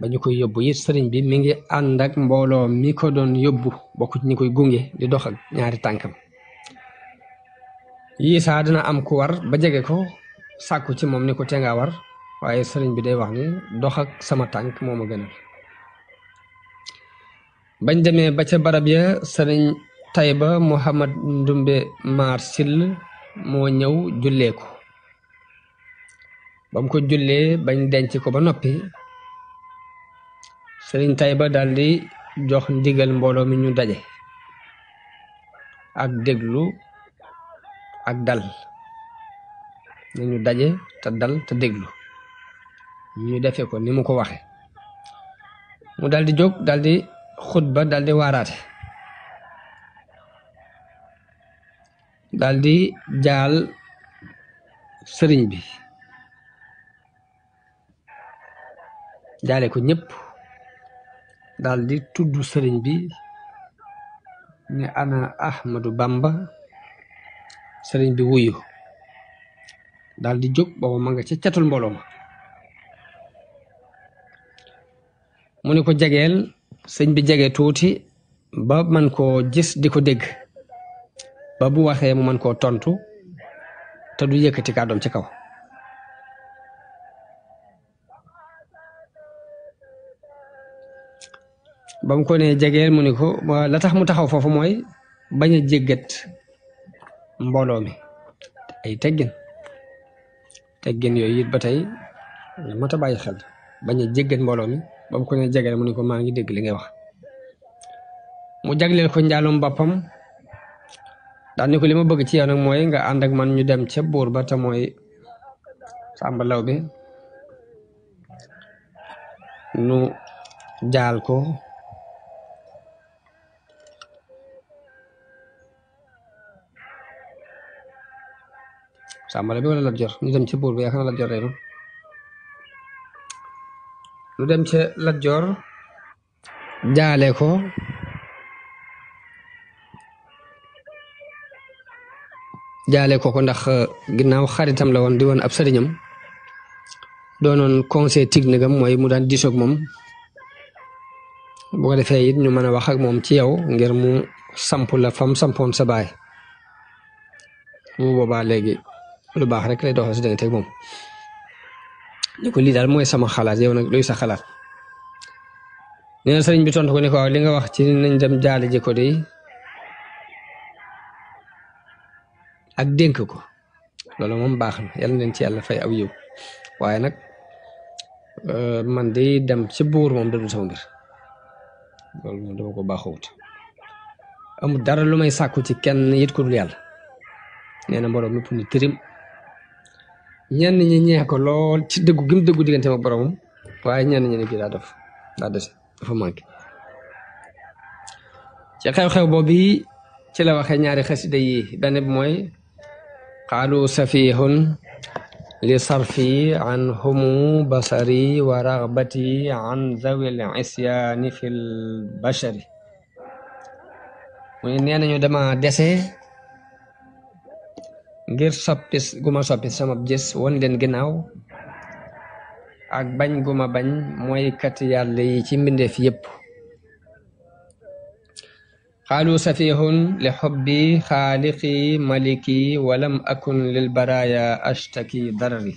ba ñu koy yóbbu it sëriñ bi mi ngi ànd ak mbooloo mi ko doon yóbbu bokk ci ñi koy gunge di dox ak ñaari tànkam yii saa dina am ku war ba jege ko sàkku ci moom ni ko te ngaa war waaye sëriñ bi day wax ni dox ak sama tànk moo ma gënal bañ demee ba ca barab ya sëriñ Tayba Mouhamad Ndumbe Maar Sill moo ñëw jullee ko ko jullee bañ denc ko ba noppi sëriñ tay ba daldi jox ndigal mbooloo mi ñu daje ak déglu ak dal nañu daje te dal te déglu ñu defe ko ni mu ko waxe mu daldi di jóg daal di xutba daal daldi jaal sëriñ bi jaale ko ñépp daal di tudd sëriñ bi ne ana du Bamba sëriñ bi wuyu daal di jóg booba ma nga ca catul mbooloo ma mu ni ko jegeel sëñ bi jege tuuti ba man koo gis di ko dégg ba bu waxee mu man koo tontu te du yëkkati kàddoom ci kaw ba mu ko nee jegeel mu ni ko la tax mu taxaw foofu mooy bañ a jéggat mbooloo mi ay teggin teggin yooyu it ba tey mat a bàyyi xel bañ a jéggat mbooloo mi ba mu ko nee jegeel mu ni ko maa ngi dégg li ngay wax mu jagleel ko njaalum boppam daan ni ko li ma bëgg ci yow nag mooy nga ànd ak man ñu dem ca buur ba te mooy Samba bi nu jaal ko càmmale bi wala Lat Joor ñu dem ci buur bi yaakaar na Lat Joor reenu dem ci Lat Joor jaale ko jaale ko ko ndax ginnaaw xaritam la woon di woon ab sëriñam doonoon conseil technique am mooy mu daan diisoo moom bu defee it ñu mën a wax ak moom ci yow ngir mu samp la fam sampoon sabaay baay bu boobaa léegi البحر كله ده هسدن تيبوم لكل دار مو يسمى خلاص يوم لو يسا خلاص نينا سرين بتون تكوني كوا لينغا وقت نين جم جالي جي كودي ak denk ko lolu mom bax na yalla nañ ci yalla fay aw waye nak euh man de dem ci bour mom dem sama ngir lolu mom dama ko baaxawut amu dara lumay sakku ci kenn yit ko dul yalla nee mborom mépp ni terim ñenn ñi ñee ko lool ci dëggu gim dëggu diggante ma boromam waaye ñenn ñi ne kii daa def daa dese ci xew-xew boobu ci la waxee ñaari xasida yi benn bi mooy qaalu safihun li sarfi an humu basari wa ragbati an zawil isyaani fil bashari muy nee nañu dama dese ngir soppi gu ma soppi sama gis won leen ginnaaw ak bañ guma bañ mooy kat yàlla yi ci mbindeef yépp xaalu safihun li xubbi xaaliqi maliki walam akun lil baraya ashtaki darari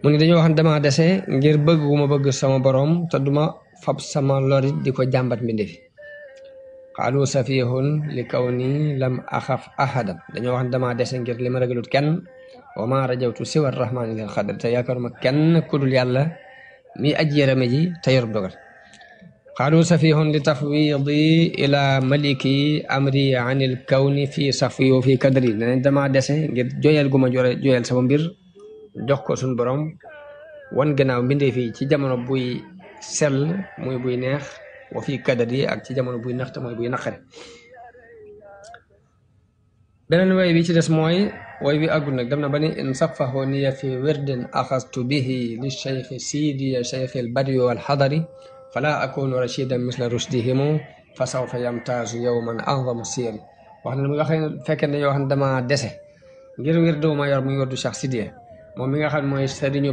mu ngi dañoo waxan damaa dese ngir bëgg gu bëgg sama borom te duma fab sama lorit di ko jàmbat mbindeef xaalu safihun li kaw nii lam axaf ahadan dañoo wax ne damaa dese ngir li ma ragalut kenn wa ma rajawtu siwa rahmaani lil xadr te yaakaaruma kenn kudul yàlla mi aji yërëme ji te yor dogal xaalu safihun li tafwidi ila maliki amri an il kawni fii safiyo fii kadri danañ damaa dese ngir joyal gu ma jore joyal sama mbir jox ko suñ borom wan gannaaw mbindee fii ci jamono buy sell muy buy neex wa fii kadadi ak ci jamono buy naxte mooy buy naqari beneen way bi ci des mooy way bi àggul nag dem na ba ni in safahu niya fi wirdin axastu bihi li cheikhi siidiya cheikhi al badwi wal xadari fala akunu rashidan misla rushdihimu fa sawfa yamtaazu yowman anzamu siyam wax ne mu nga xam ne fekkee dañoo wax ne moom mi nga xam mooy sëriñu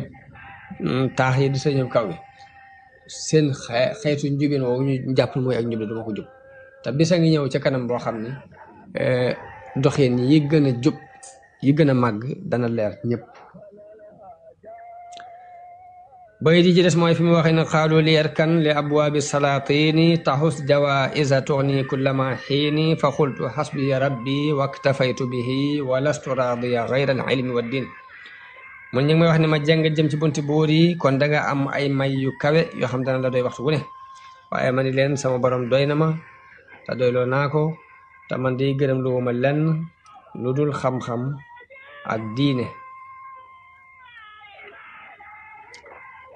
mm, taax yi di sëriñu kaw seen xeetu njubin woowu ñu jàpp mooy ak njub dama ko jub te bisa ngi ñëw ca kanam boo xam ne eh, doxin yi gën a jub yi gën a màgg dana leer ñëpp bayit yi ci des mooy fi mu waxee ne xaalu li yarkan li abwaabi salaatini taxus jawaaisa tugni kullama xiini fa xultu xasbiya rabbi waktafaytu bihi wa lastu raadiya gayra al ilmi mun ñu ngi may wax ne ma jàng jëm ci bunti buur yi kon da am ay may yu kawe yoo xam dana la doy waxtu wu ne waaye ma ni leen sama borom doy na ma te doyloo naa ko te man di gërëm lu ma lenn lu dul xam-xam ak diine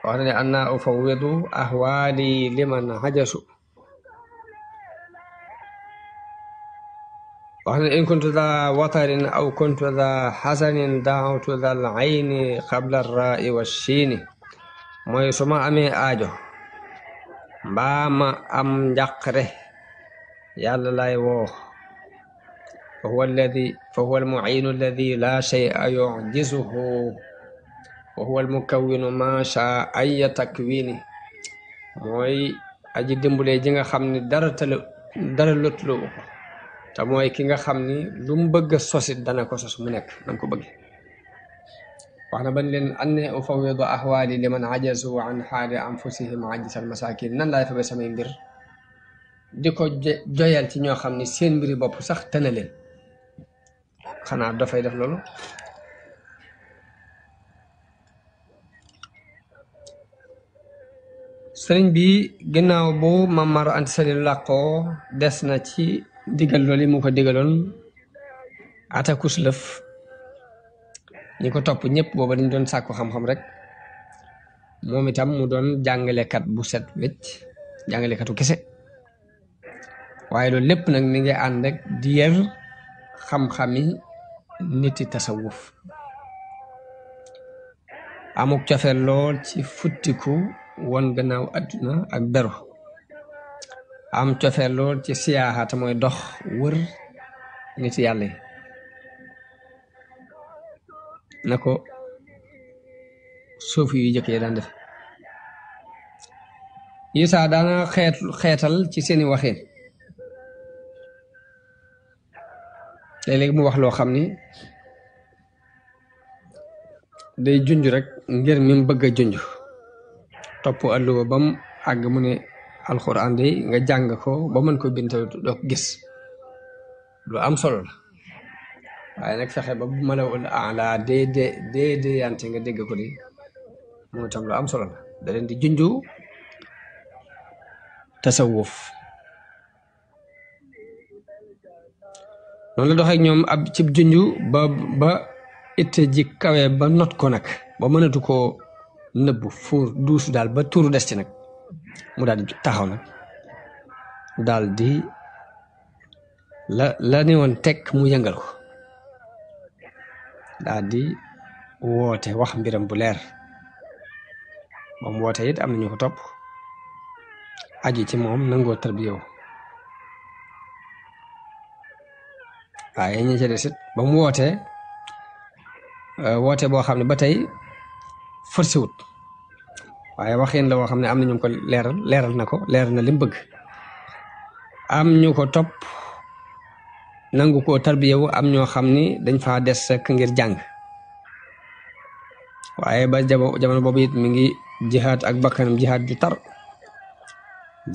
wax na ne an naa ufawwidu ahwaali liman hajasu wax ne in kuntu da watarin aw kuntu da xasanin daawtu dal ayni qabla rai wa siini mooy su ma amee aajo mbaa ma am njàqare yàlla lay woo fa huwa alladi fa huwa almuciinu alladi laa shay'a yucjisuhu wa huwa almukawinu maa shaa aya takwiini mooy aji dimbale ji nga xam ne dara tala dara lotuloo ko te mooy ki nga xam ni lu mu bëgg a sosit dana ko sos mu nekk na ko bëgge wax na bañ leen an ne ufawidu ahwaali liman ajazu an xaali anfusihim ajisal masakin nan laay fabe samay mbir di ko joyal ci ñoo xam ni seen mbiri bopp sax tëna leen xanaa dafay def loolu sëriñ bi ginnaaw bu mamaro antisali làqoo des na ci digal loolu mu ko digaloon atakus lëf ñi ko topp ñëpp booba dañ doon sàkku xam-xam rek moom itam mu doon jàngalekat bu set wecc jàngalekatu kese waaye loolu lépp nag mi ngi ànd rek di yër xam-xami niti tasawuf amuk cofeel lool ci futtiku woon gannaaw adduna ak beru am cofeel lool ci siyaaxa te mooy dox wër nit yàlla yi na ko suuf yu jëkk yi daan def Isa daana xeet xeetal ci seeni waxin léeg-léeg mu wax loo xam ni day junj rek ngir mi mu bëgg a junj topp alluwa ba mu ne alxuraan day nga jàng ko ba mën ko bind doo gis lu am solo la waaye nag fexe ba bu ma la ala déedéet déedéet nga dégg ko di moom itam lu am solo la da leen di junju tasawuf noonu la doxee ñoom ab cib junju ba ba itte ji ba not ko nag ba mënatu ko nëbb fuur duusu daal ba tuuru des ci nag mu daal di taxaw nag daal di la la ne woon teg mu yëngal ko daal di woote wax mbiram bu leer moom woote it am nañu ko topp aji ci moom nangoo tarbiyewu waaye ñi ci des it ba mu wootee euh, woote boo xam ne ba tey forcé wut waaye waxin la woo xam ne am na ñu ko leeral leeral na ko leeral na lim bëgg am ñu ko topp nangu koo wu am ñoo xam ni dañ faa des rek ngir jàng waaye ba jamono boobu it mi ngi jihaat ak bakkanam jihaat ju tar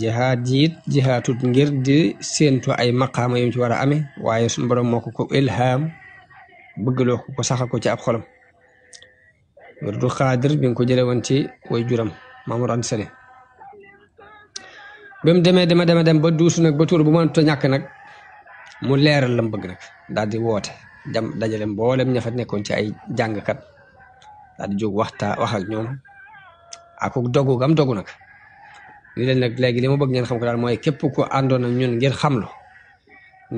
jihaat ngir di séentu ay maqaama yu ci war a amee waaye suñu borom moo ko ko ilham bëggloo ko ko saxa ko ci ab xolam wirdu xaadir bi nga ko jële woon ci way juram Maamor Anta Sali ba mu demee dama dema dem ba duusu nag ba tuur bu mënut a ñàkk nag mu leeral lam bëgg nag daal di woote jam dajale mboolem ña fa nekkoon ci ay jàngkat daal di jóg waxtaa wax ak ñoom ak dogu gam dogu nag li leen nag léegi li ma bëgg ngeen xam ko daal mooy képp ku àndoon ak ñun ngir xamlu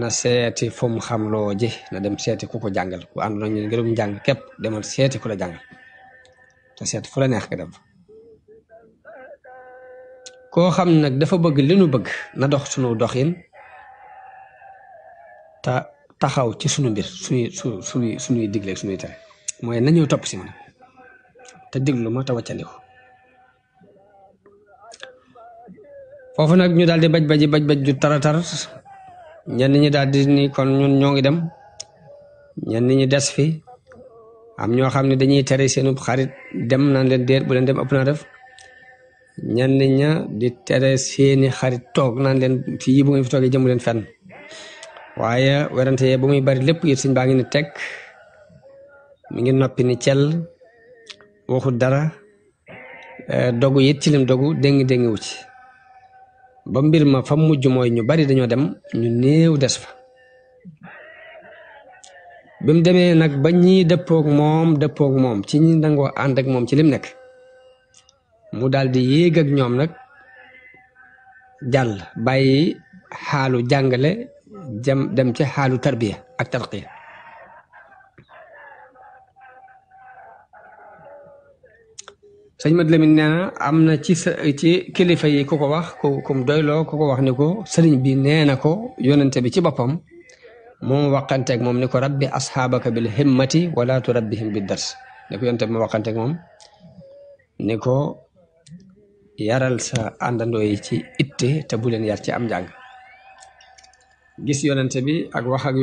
na seeti fu mu xamloo ji na dem seeti ku ko jàngal ku àndoon ak ñun ngirum njàng képp demal seeti ku la jàngal nasihat fu la neex nga dem fa koo xam nag dafa bëgg li nu bëgg na dox sunu doxin ta taxaw ci sunu mbir suñuy su suñuy suñuy digleeg suñuy tere mooy nañu topp si man te diglu ma te wàccandiku foofu nag ñu daal di baj baji baj baj ju taratar ñenn ñi daal di ni kon ñun ñoo ngi dem ñenn ñi des fi am ñoo xam ne dañuy tere seenub xarit dem naan leen déet bu leen dem ëpp naa def ñenn ña di tere seeni xarit toog naan leen fii bu ngeen fi toogee jëmu leen fenn waaye werante ya bu muy bari lépp it sëñ baa ngi ni teg mi ngi noppi ni waxu dara eh, dogu yit ci lim dogu dengi dengi wu ci ba mbir ma fa mujj mooy ñu bari dañoo dem ñu néew des fa bi mu demee nag ba ñii dëppoog moom dëppoog moom ci ñi nangoo ànd moom ci lim nekk mu daldi di yéeg ak ñoom nag jàll bàyyi xaalu jàngale jam dem ci xaalu tarbiya ak tarqiya sëñ Mad Lamin nee na am na ci sa ci kilifa yi ku ko wax ku kum doyloo ku ko wax ni ko sëriñ bi nee na ko yonente bi ci boppam moom waqanteeg moom ni ko rabbi asxaabaka bil himmati wala turabbihim bi dars ni ko yonte bi mu waqanteeg moom ni ko yaral sa àndandoo yi ci itte te bu leen yar ci am njàng gis yonente bi ak wax ak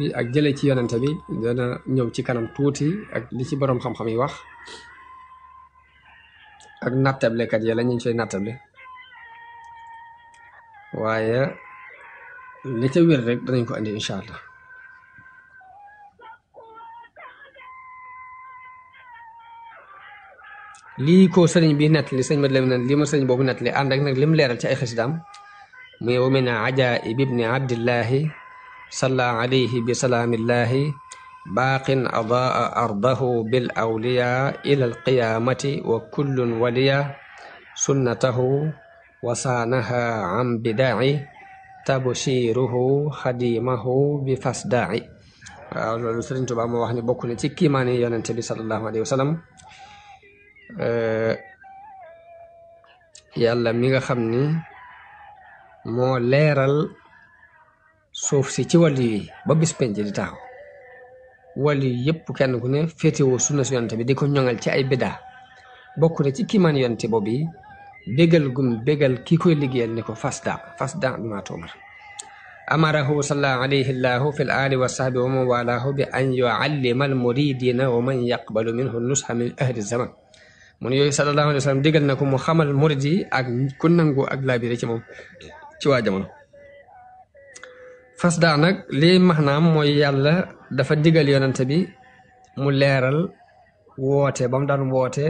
bi ak jële ci yonente bi dana ñëw ci kanam tuuti ak li ci boroom xam-xam yi wax ak nattablekat ya la ñu fay nattable waaye نتوير رك إن شاء الله لي كو سرين بينات لي سرين مدلمنا لي لم لير تاعي خشدام مي ابن عبد الله صلى عليه بسلام الله باق أضاء أرضه بالأولياء إلى القيامة وكل ولي سنته وصانها عن بداعي tabo xadimahu bi fasdai waaw loolu Sëriñ Tuubaa moo ni bokk na ci kiimaani yonente bi sallallahu alayhi wa sallam yàlla mi nga xam ni moo leeral suuf si ci wàllu ba bis penc di taxaw yëpp kenn ku ne féetewoo sunna su yonente bi di ko ñoŋal ci ay biddaa bokk na ci kiimaani yonente boobu bégal gum bégal kii koy liggéeyal ni ko fasda fasda bima tu'mar amarahu salla alayhi llahu fi l ali wa sahbi wa man walahu bi an yuallima al muridina wa man yaqbalu minhu nusha min ahli zaman mun yooyu sallallahu alayhi wa digal na ko mu xamal murid yi ak ku nangu ak laabire ci moom ci fasda nag lii maanaam mooy yàlla dafa digal yonante bi mu leeral woote ba mu woote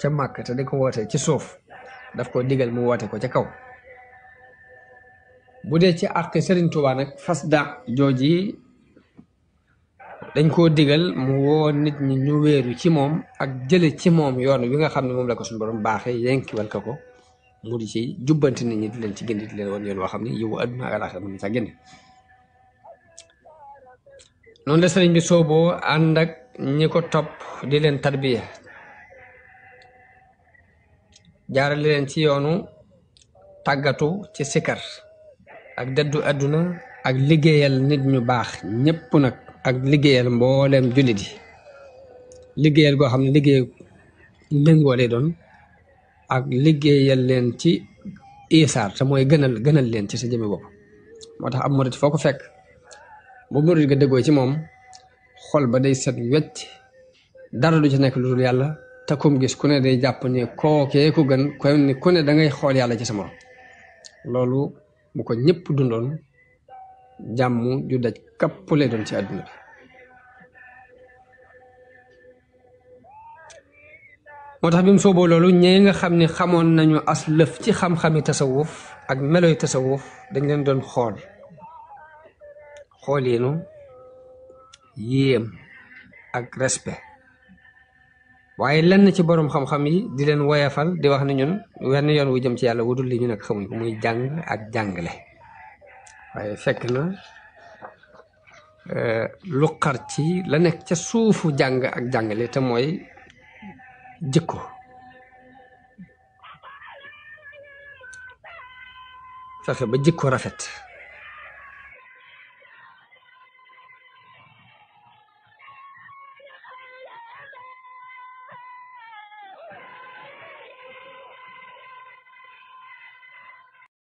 ca màkk te di ko woote ci suuf daf ko digal mu woote ko ca kaw bu dee ci àq Sëriñ Tuubaa fas daq jooji dañ koo digal mu woo nit ñi ñu wéeru ci moom ak jële ci moom yoon wi nga xam ne moom la ko suñu borom baaxee yenk ka ko mu di ci jubbanti nit ñi di leen ci gindi di leen woon yoon woo xam ne yiwu àdduna ak alaaxira mën na caa génne noonu la sëriñ bi sooboo ànd ak ñi ko topp di leen tarbiya jaarale leen ci yoonu tàggatu ci sikar ak dëddu àdduna ak liggéeyal nit ñu baax ñépp nag ak liggéeyal mbooleem jullit yi liggéeyal goo xam ne liggéey lëngoo lay doon ak liggéeyal leen ci isaar mooy gënal gënal leen ci sa jëme bopp moo tax ab murit foo ko fekk bu murit ga dëggoo ci moom xol ba day set wecc dara du ci nekk lu dul yàlla te kum gis ku ne day jàpp ne kookee ku gën ku ne da xool yàlla ci sama loolu bu ko ñëpp dundoon jàmm ju daj kapp lay doon ci àdduna moo tax bi mu sooboo loolu ñee nga xam ni xamoon nañu as lëf ci xam-xami tasawuf ak meloy tasawuf dañ leen doon xool xool yéenu yéem ak respect waaye lenn ci borom xam-xam yi di leen woyafal di wax na ñun wenn yoon wu jëm ci yàlla wudul li ñu nekk xamuñ ko muy jàng ak jàngale waaye fekk na euh, lu xar ci la nekk ca suufu jàng ak jàngale te mooy jikko fexe ba jikko rafet